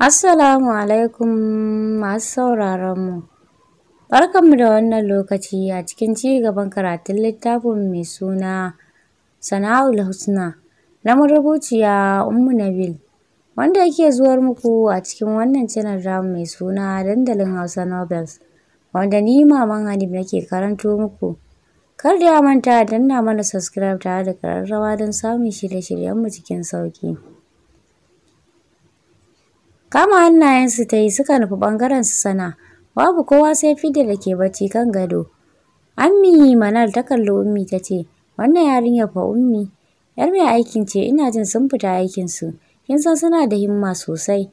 Assalamu alaikum masu sauraron mu. Barkanmu da wannan lokaci a cikin ci gaban karatun littafin mai suna Sana'ul Husna na marubuciya Ummu Nabil wanda yake zuwar muku a cikin wannan channel ramu mai suna dandalin Hausa Novels wanda ni maman Hanif nake karanto muku. Kar da ya manta danna mana subscribe tare da kararrawa don samun shirye-shiryenmu cikin sauƙi. Kama hannayensu ta yi suka nufi ɓangaren su sana. Babu kowa sai Fidda da ke bacci kan gado. Ammi Manal ta kalli Ummi ta ce, Wannan yarinyar fa Ummi, ‘yar mai aikin ce ina jin sun fita aikinsu. Kin san suna da himma sosai.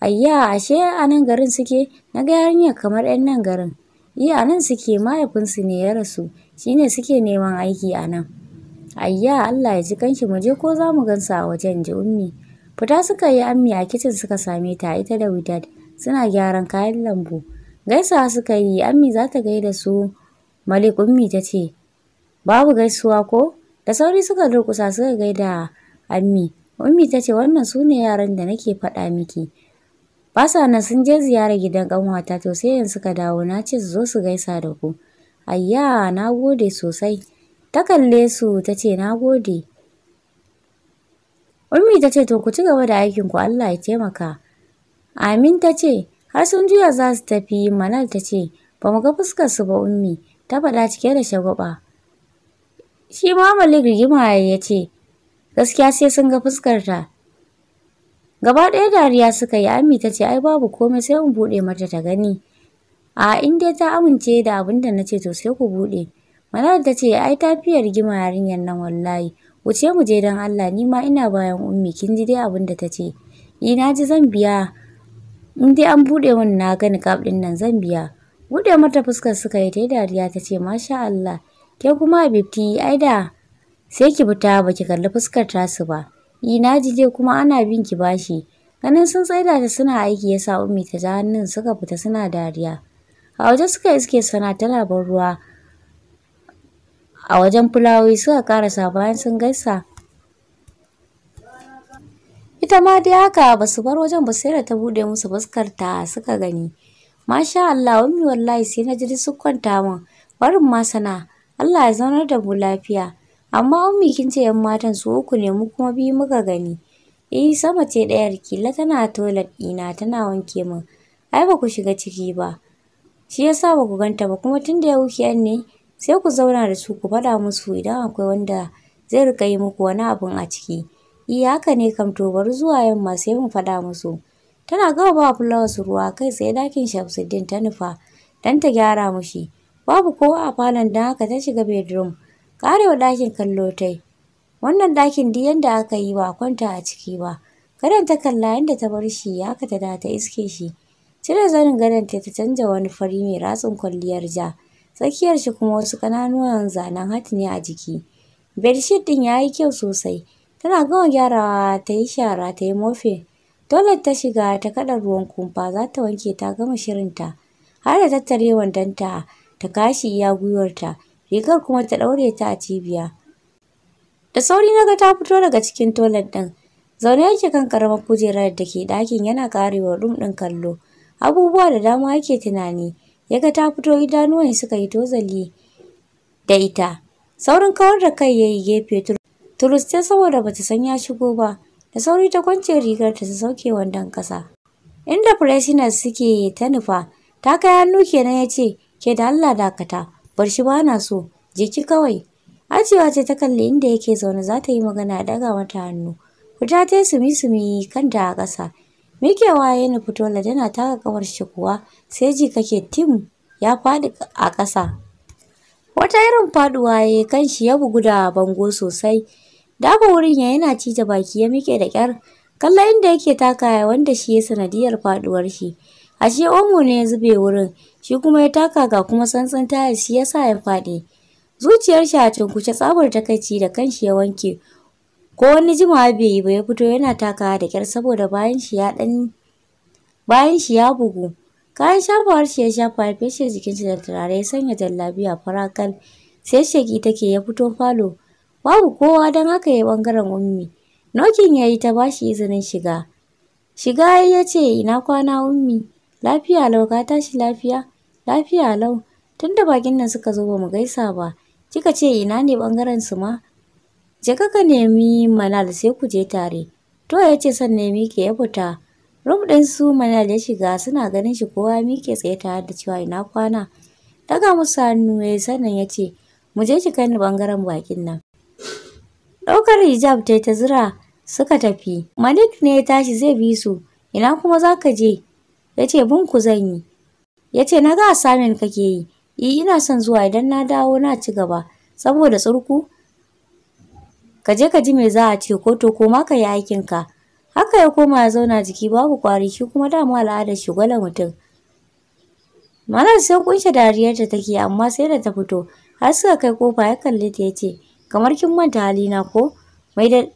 Ayya, ashe a nan garin suke, na ga yarinyar kamar ‘yan nan garin. Yi a nan suke mahaifinsu ne ya rasu, shi ne suke neman aiki a nan. Ayya, Allah ya ji kanshi mu je ko za mu gansu a wajen ji Ummi. Fita suka yi ammi a kicin suka same ta ita da Widad suna gyaran kayan lambu. Gaisawa suka yi ammi za ta gaida su Malik ummi ta ce babu gaisuwa ko? Da sauri suka durkusa suka gaida ammi. Ummi ta ce wannan su ne yaran da nake faɗa miki. Ba sa nan sun je ziyarar gidan ƙanwata to sai yanzu suka dawo na ce su zo su gaisa da ku. Ayya na gode sosai. Ta kalle su ta ce na gode. Ummi ta ce to ku ci gaba da aikin ku Allah ya taimaka. Amin ta ce har sun juya za su tafi Manal ta ce ba mu ga fuskarsu ba Ummi ta faɗa cike da shagwaba. Shi ma Malik rigima ya ce gaskiya sai sun ga fuskar ta. Gaba ɗaya dariya suka yi Amin ta ce ai babu komai sai mu buɗe mata ta gani. A in dai ta amince da abinda da na ce to sai ku buɗe. Manal ta ce ai ta rigima yarinyar nan wallahi. wuce mu je don Allah ni ma ina bayan ummi kin ji dai abin da ta ce ni eh, na ji zan biya in dai an buɗe min na gani kaf ɗin nan zan biya buɗe mata fuskar suka yi ta yi dariya ta ce masha Allah ke kuma bifti ai da sai ki fita ki kalli fuskar tasu ba ni eh, na ji dai kuma ana bin ki bashi ganin sun tsaida ta suna aiki yasa ummi ta ja hannun suka fita suna dariya a waje suka iske sana ta labar ruwa a wajen fulawoyi suka karasa bayan sun gaisa ita ma dai haka ba su bar wajen ba sai da ta buɗe musu fuskarta suka gani masha Allah wani wallahi sai na ji su kwanta min barin ma sana Allah ya zaunar da mu lafiya amma ummi kin ce yan matan su uku ne mu kuma biyu muka gani E, sama ce ɗayar kila tana toilet Ina tana wanke min ai ba ku shiga ciki ba shi yasa ba ku ganta ba kuma tun da ya wuki ne sai ku zauna da su ku faɗa musu idan akwai wanda zai riƙa yi muku wani abun a ciki. Iya eh, haka ne kam to bari zuwa yamma sai mu faɗa musu. Tana gaba ba fulawas ruwa kai sai ɗakin Shamsuddin ta nufa don ta gyara mushi. Babu kowa a falon don haka ta shiga bedroom. Karewa ɗakin kallo tai. Wannan ɗakin duk yanda aka yi ba kwanta a ciki ba. Gadon ta kalla yanda ta bar shi ya haka ta da ta iske shi. Cire zanin gadon ta ta canja wani fari mai ratsin kwalliyar ja. tsakiyar shi kuma wasu ƙananuwan zanen hati ne a jiki. Bedsheet ɗin ya yi kyau sosai. Tana gama gyarawa ta yi shara ta yi mofe. Toilet ta shiga ta kaɗa ruwan kumfa za ta wanke ta gama shirinta. Har da tattare wandonta ta kashi iya gwiwarta. Rigar kuma ta ɗaure ta a cibiya. Da sauri na ga ta fito daga cikin toilet ɗin. Zaune yake kan ƙaramar kujerar da ke ɗakin yana ƙarewa ɗumɗin ɗin kallo. Abubuwa da dama yake tunani. ya ga ta fito idanuwan suka yi tozali da ita. Saurin kawar da kai ya yi gefe turus saboda bata san ya shigo ba, da sauri ta kwance rigar ta sauke wandan kasa. Inda Presinas suke ta nufa, ta kai hannu kenan ya ce, ke da Allah dakata, bar shi bana so, jiki kawai. Ajiyewa ce ta kalli inda yake zaune za ta yi magana daga mata hannu. Fita ta yi sumi-sumi kanta a ƙasa. Mikewa waye ni tola tana taka kawar shi kuwa sai ji kake tim ya faɗi a ƙasa. Wata irin faɗuwa ya yi kanshi ya bugu da bango sosai. Dafa wurin ya yana cije baki ya mike da kyar. Kalla inda yake takaya wanda shi ya sanadiyar faɗuwar shi. Ashe omo ne ya zube wurin shi kuma ya taka ga kuma tsantsan tayar shi ya sa ya faɗi. Zuciyar shi a cunkushe tsabar takaici da kanshi ya wanke ko wani jimawa bai yi ba ya fito yana takawa da kyar saboda bayan shi ya dan bayan shi ya bugu kayan shafawar shi ya shafa ya feshe jikin shi da turare ya sanya jallabiya farakal sai shaki take ya fito falo babu kowa don haka ya bangaren ummi nokin ya yi ta bashi izinin shiga shiga ya ce ina kwana ummi lafiya lau ka tashi lafiya lafiya lau Tunda bakin nan suka zo ba mu gaisa ba kika ce ina ne bangaren su ma Je ka ka nemi Manal sai ku je tare. To ya ce son nemi ke ya fita. Rum ɗin su Manal ya shiga suna ganin shi kowa mike tsaye tare da cewa ina kwana. Daga musu hannu ya sannan ya ce mu je ki kai ni bangaren bakin nan. Ɗaukar hijab ta ta zira suka tafi. Malik ne ya tashi zai bi su. Ina kuma za ka je? Yace, ce bin ku zan yi. Ya na ga samin kake yi. Yi ina son zuwa idan na dawo na ci gaba. Saboda tsurku ka je ka ji me za a ce ko to koma ka yi aikinka haka ya koma ya zauna jiki babu kwari shi kuma dama al'ada shi gwala mutum malam sai kunshe dariyarta take amma sai da ta fito har suka kai kofa ya kalle ta yace ce kamar kin manta halina ko mai da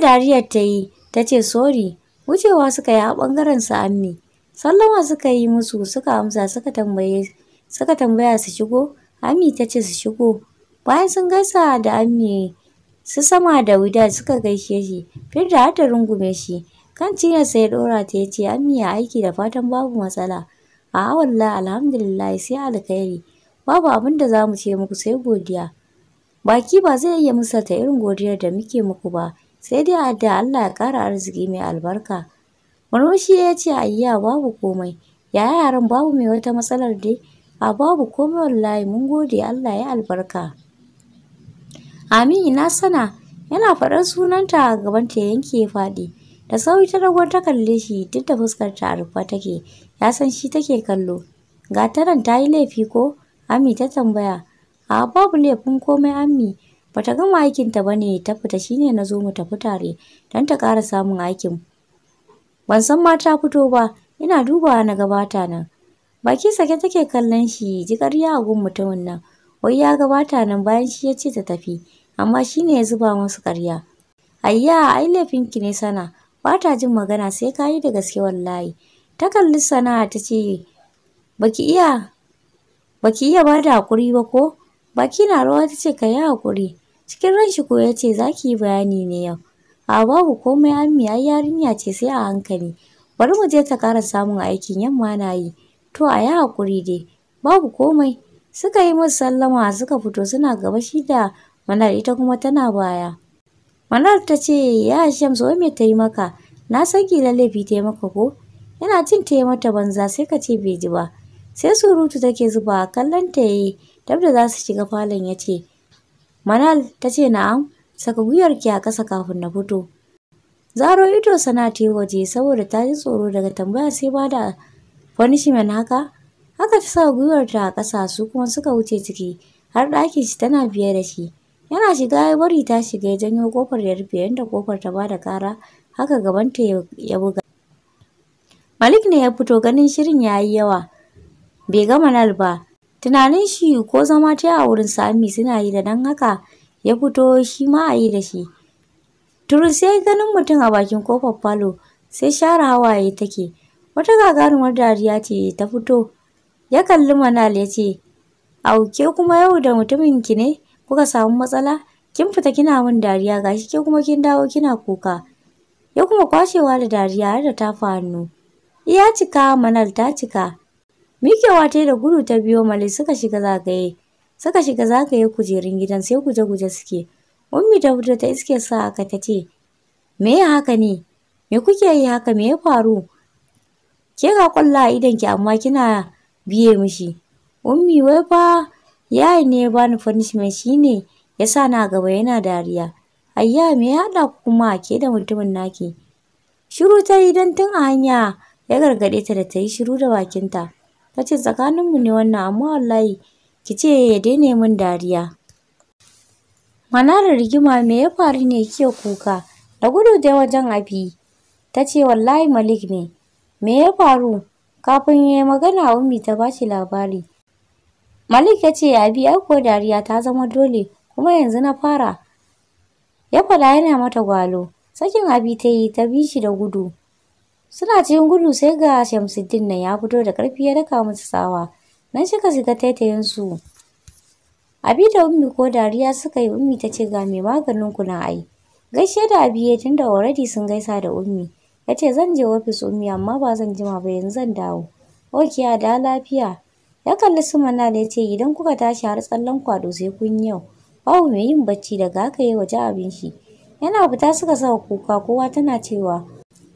dariyar ta yi ta ce sori wucewa suka yi a ɓangaren su ammi sallama suka yi musu suka amsa suka tambaye suka tambaya su shigo ammi ta ce su shigo bayan sun gaisa da ammi su sama da wida suka gaishe shi fir da hata rungume shi kan cinyarsa ya dora ta ya ce an miya aiki da fatan babu matsala A awalla alhamdulillah sai alkhairi babu abin da za mu ce muku sai godiya baki ba zai iya musata irin godiyar da muke muku ba sai dai adda Allah ya kara arziki mai albarka murmushi ya ce ayya babu komai ya yaran babu mai wata matsalar dai a babu komai wallahi mun gode Allah ya albarka Ami ina sana yana faɗar sunanta a gabanta ya yanke faɗi. Da sauri ta ragon ta kalle shi duk da fuskar ta a rufe take. Ya san shi take kallo. Ga ta ta yi laifi ko? Ami ta tambaya. A babu laifin komai Ami. Bata gama aikinta ba ne ta fita shine na zo mu tafi tare don ta ƙara samun aikin. Ban san ma ta fito ba, ina dubawa na gabata nan. Baki sake take kallon shi, ji ƙarya a gun mutumin nan. Wai ya gabata nan bayan shi ya ce ta tafi. amma shi ne ya zuba musu karya. Ayya ai laifinki ne sana, ba ta jin magana sai ka yi da gaske wallahi. Ta kalli sana'a ta ce, baki iya baki iya ba da haƙuri ba ko? Baki na rawa ta ce ka yi haƙuri. Cikin ran shi ko ya ce za ki yi bayani ne yau. A babu komai An miya yarinya ce sai a hankali. Bari mu je ta ƙara samun aikin yamma na yi. To a yi haƙuri dai, babu komai. Suka yi masu sallama suka fito suna gaba shi da Manar ita kuma tana baya. Manar ta ce, ya Hashem zo mai ta yi maka? Na san kila laifi ta yi ko? Yana jin ta yi mata banza sai ka ce bai ji ba. Sai surutu take zuba kallon ta yi dab da za su shiga falon ya ce. Manal ta ce na'am, saka ki a ƙasa kafin na fito. Zaro ido sana ta yi waje saboda ta ji tsoro daga tambaya sai ba da punishment haka. Haka ta sa ta a ƙasa su kuma suka wuce ciki har ɗakin shi tana biye da shi. Yana shiga ya bari ta shiga ya janyo kofar ya rufe yadda ƙofar ta bada kara haka gabanta ya buga. Malik ne ya fito ganin shirin ya yi yawa. Bai gama nal ba. Tunanin shi ko zama ta a wurin Sami suna yi da nan haka ya fito shi ma a yi da shi. Turun sai ganin mutum a bakin kofar falo sai share hawaye take. Wata gagarumar dariya ce ta fito. Ya kalli Manal ya ce, Auke kuma yau da mutumin ki ne? kuka samu matsala kin fita kina min dariya gashi ke kuma kin dawo kina kuka ya kuma kwashewa da dariya har da tafa hannu iya cika manal ta cika mikewa ta da gudu ta biyo mali suka shiga zagaye suka shiga zagaye kujerun gidan sai guje-guje suke ummi ta fito ta iske sa aka tace. me ya haka ne me kuke yi haka me ya faru ke ga kwalla idan ki amma kina biye mishi ummi wai fa Yayin ne ya bani punishment shine ne ya sa na gaba yana dariya. Ayya me ya haɗa ku kuma ke da mutumin naki? Shiru ta yi don tun a hanya ya gargaɗe ta da ta yi shiru da bakinta. Ta ce tsakaninmu ne wannan amma wallahi ki ce ya daina min dariya. Manarar rigima me ya faru ne kiya kuka da gudu da wajen abi. Ta ce wallahi Malik ne. Me ya faru? Kafin ya yi magana Ummi ta ba labari. Malik ya ce ya biya ko dariya ta zama dole kuma yanzu na fara. Ya fada yana mata gwalo. Sakin abi ta yi ta bi shi da gudu. Suna cikin gudu sai ga Shamsuddin nan ya fito da ƙarfi ya daka musu tsawa. Nan ka shiga taitayinsu. Abi da Ummi ko dariya suka yi Ummi ta ce ga mai maganin ku na ai. Gaishe da Abi ya tunda already sun gaisa da Ummi. Ya ce zan je ofis Ummi amma ba zan jima ba yanzu zan dawo. Okiya da lafiya. Ya kalli su Manal ya ce idan kuka tashi har tsallen kwado sai kun yau. Babu mai yin bacci daga haka ya waje abin shi. Yana fita suka sa kuka kowa tana cewa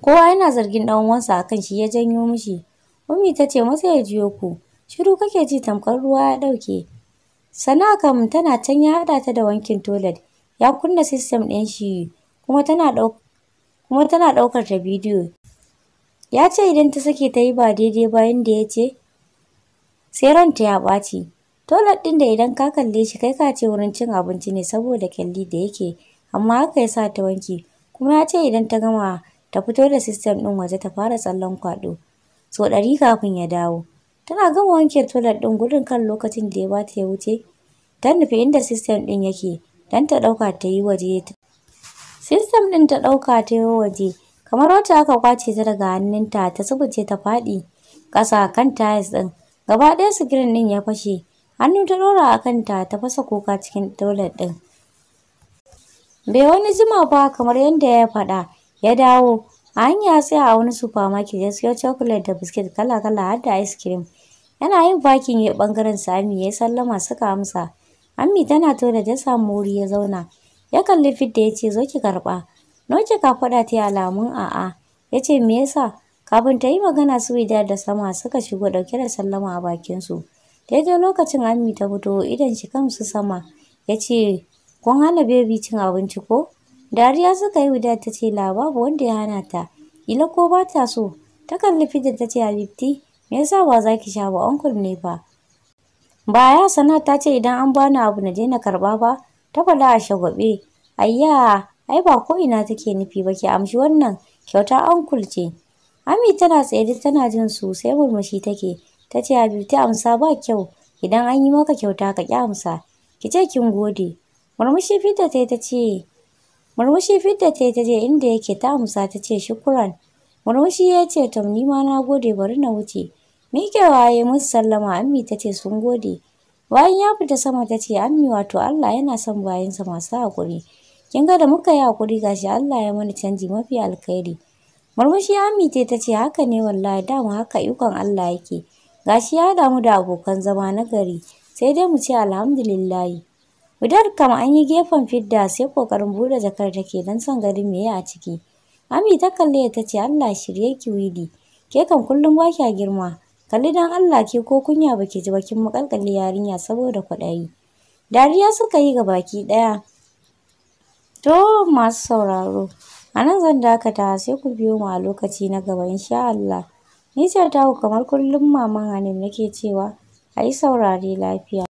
kowa yana zargin ɗan uwansa akan shi ya janyo mishi. Ummi ta ce masa ya jiyo ku. Shiru kake ji tamkar ruwa ya ɗauke. Sana'a kam tana can ya haɗa ta da wankin toilet. Ya kunna "system" ɗin shi kuma tana ɗaukar kuma tana ɗaukar ta bidiyo. Ya ce idan ta sake ta yi ba daidai ba yanda ya ce, sai ranta ya ɓaci. Tolar ɗin da idan ka kalle shi kai ka ce wurin cin abinci ne saboda kyalli da yake, amma haka ya sa ta wanki, kuma ya ce idan ta gama ta fito da sistem ɗin waje ta fara tsallon kwaɗo. So ɗari kafin ya dawo. Tana gama wanke tolar ɗin gudun kan lokacin da ya bata ya wuce, ta nufi inda sistem ɗin yake, don ta ɗauka ta yi waje. Sistem ɗin ta ɗauka ta yi waje, kamar wata aka kwace ta daga hannunta ta subuce ta faɗi ƙasa kan tayis ɗin. Gaba ɗaya sigirin ɗin ya fashe, hannu ta ɗora a kanta ta fasa kuka cikin toilet ɗin. Bai wani jima ba kamar yadda ya faɗa, ya dawo. A hanya sai a wani supermarket ya siyo chocolate da biskit kala-kala har da ice cream. Yana yin bakin ya ɓangaren Sami ya sallama suka amsa. Ammi tana tona ta samu wuri ya zauna. Ya kalli Fidda ya ce zo ki karɓa. Noki ka faɗa ta yi alamun a'a. Ya ce me yasa? Kafin ta yi magana su da sama suka shigo ɗauke da sallama a bakin su Daidai lokacin Ami ta fito idan shi kansu sama ya ce, Kun hana bebi cin abinci ko? Dariya suka yi wuda ta ce lababu babu wanda ya hana ta. Ila ko ba ta so, ta kalli fidda ta ce Habibti, me yasa ba za ki sha ba onkul ne ba? Ba ya sana ta ce idan an bani abu na daina karɓa ba, ta bala a shagwabe Ayya, ai ba ko ina take nufi ba ki amshi wannan kyauta onkul ce. Ami tana tsaye duk tana jin su sai murmushi take. Ta ce Habib ta amsa ba kyau idan an yi maka kyauta ka ƙi amsa. Ki ce kin gode. Murmushi fidda ta ta ce Murmushi fidda ta ta inda yake ta amsa ta ce shukuran. Murmushi ya ce to ni ma na gode bari na wuce. ke waye mun sallama Ammi ta ce sun gode. Bayan ya fita sama ta ce Ammi wato Allah yana son bayansa masu haƙuri. Kin ga da muka yi haƙuri gashi Allah ya mana canji mafi alkhairi. Murmushi Ami ta ce haka ne wallahi dama haka ikon Allah yake. Gashi ya damu da abokan zama na gari sai dai mu ce alhamdulillahi. Wudar kam an yi gefen fidda sai kokarin bude jakar take don son garin meye a ciki. Ami ta kalle ta ce Allah shirye ki wili, Ke kan kullum ba kya girma. Kalli dan Allah ke ko kunya baki ji bakin makalkale yarinya saboda kwaɗayi. Dariya suka yi ga baki ɗaya. To masu sauraro. A nan zan dakata sai ku biyo mu a lokaci na gaba insha Allah. Ni ce taku kamar kullum Maman hanim nake cewa a yi saurare lafiya.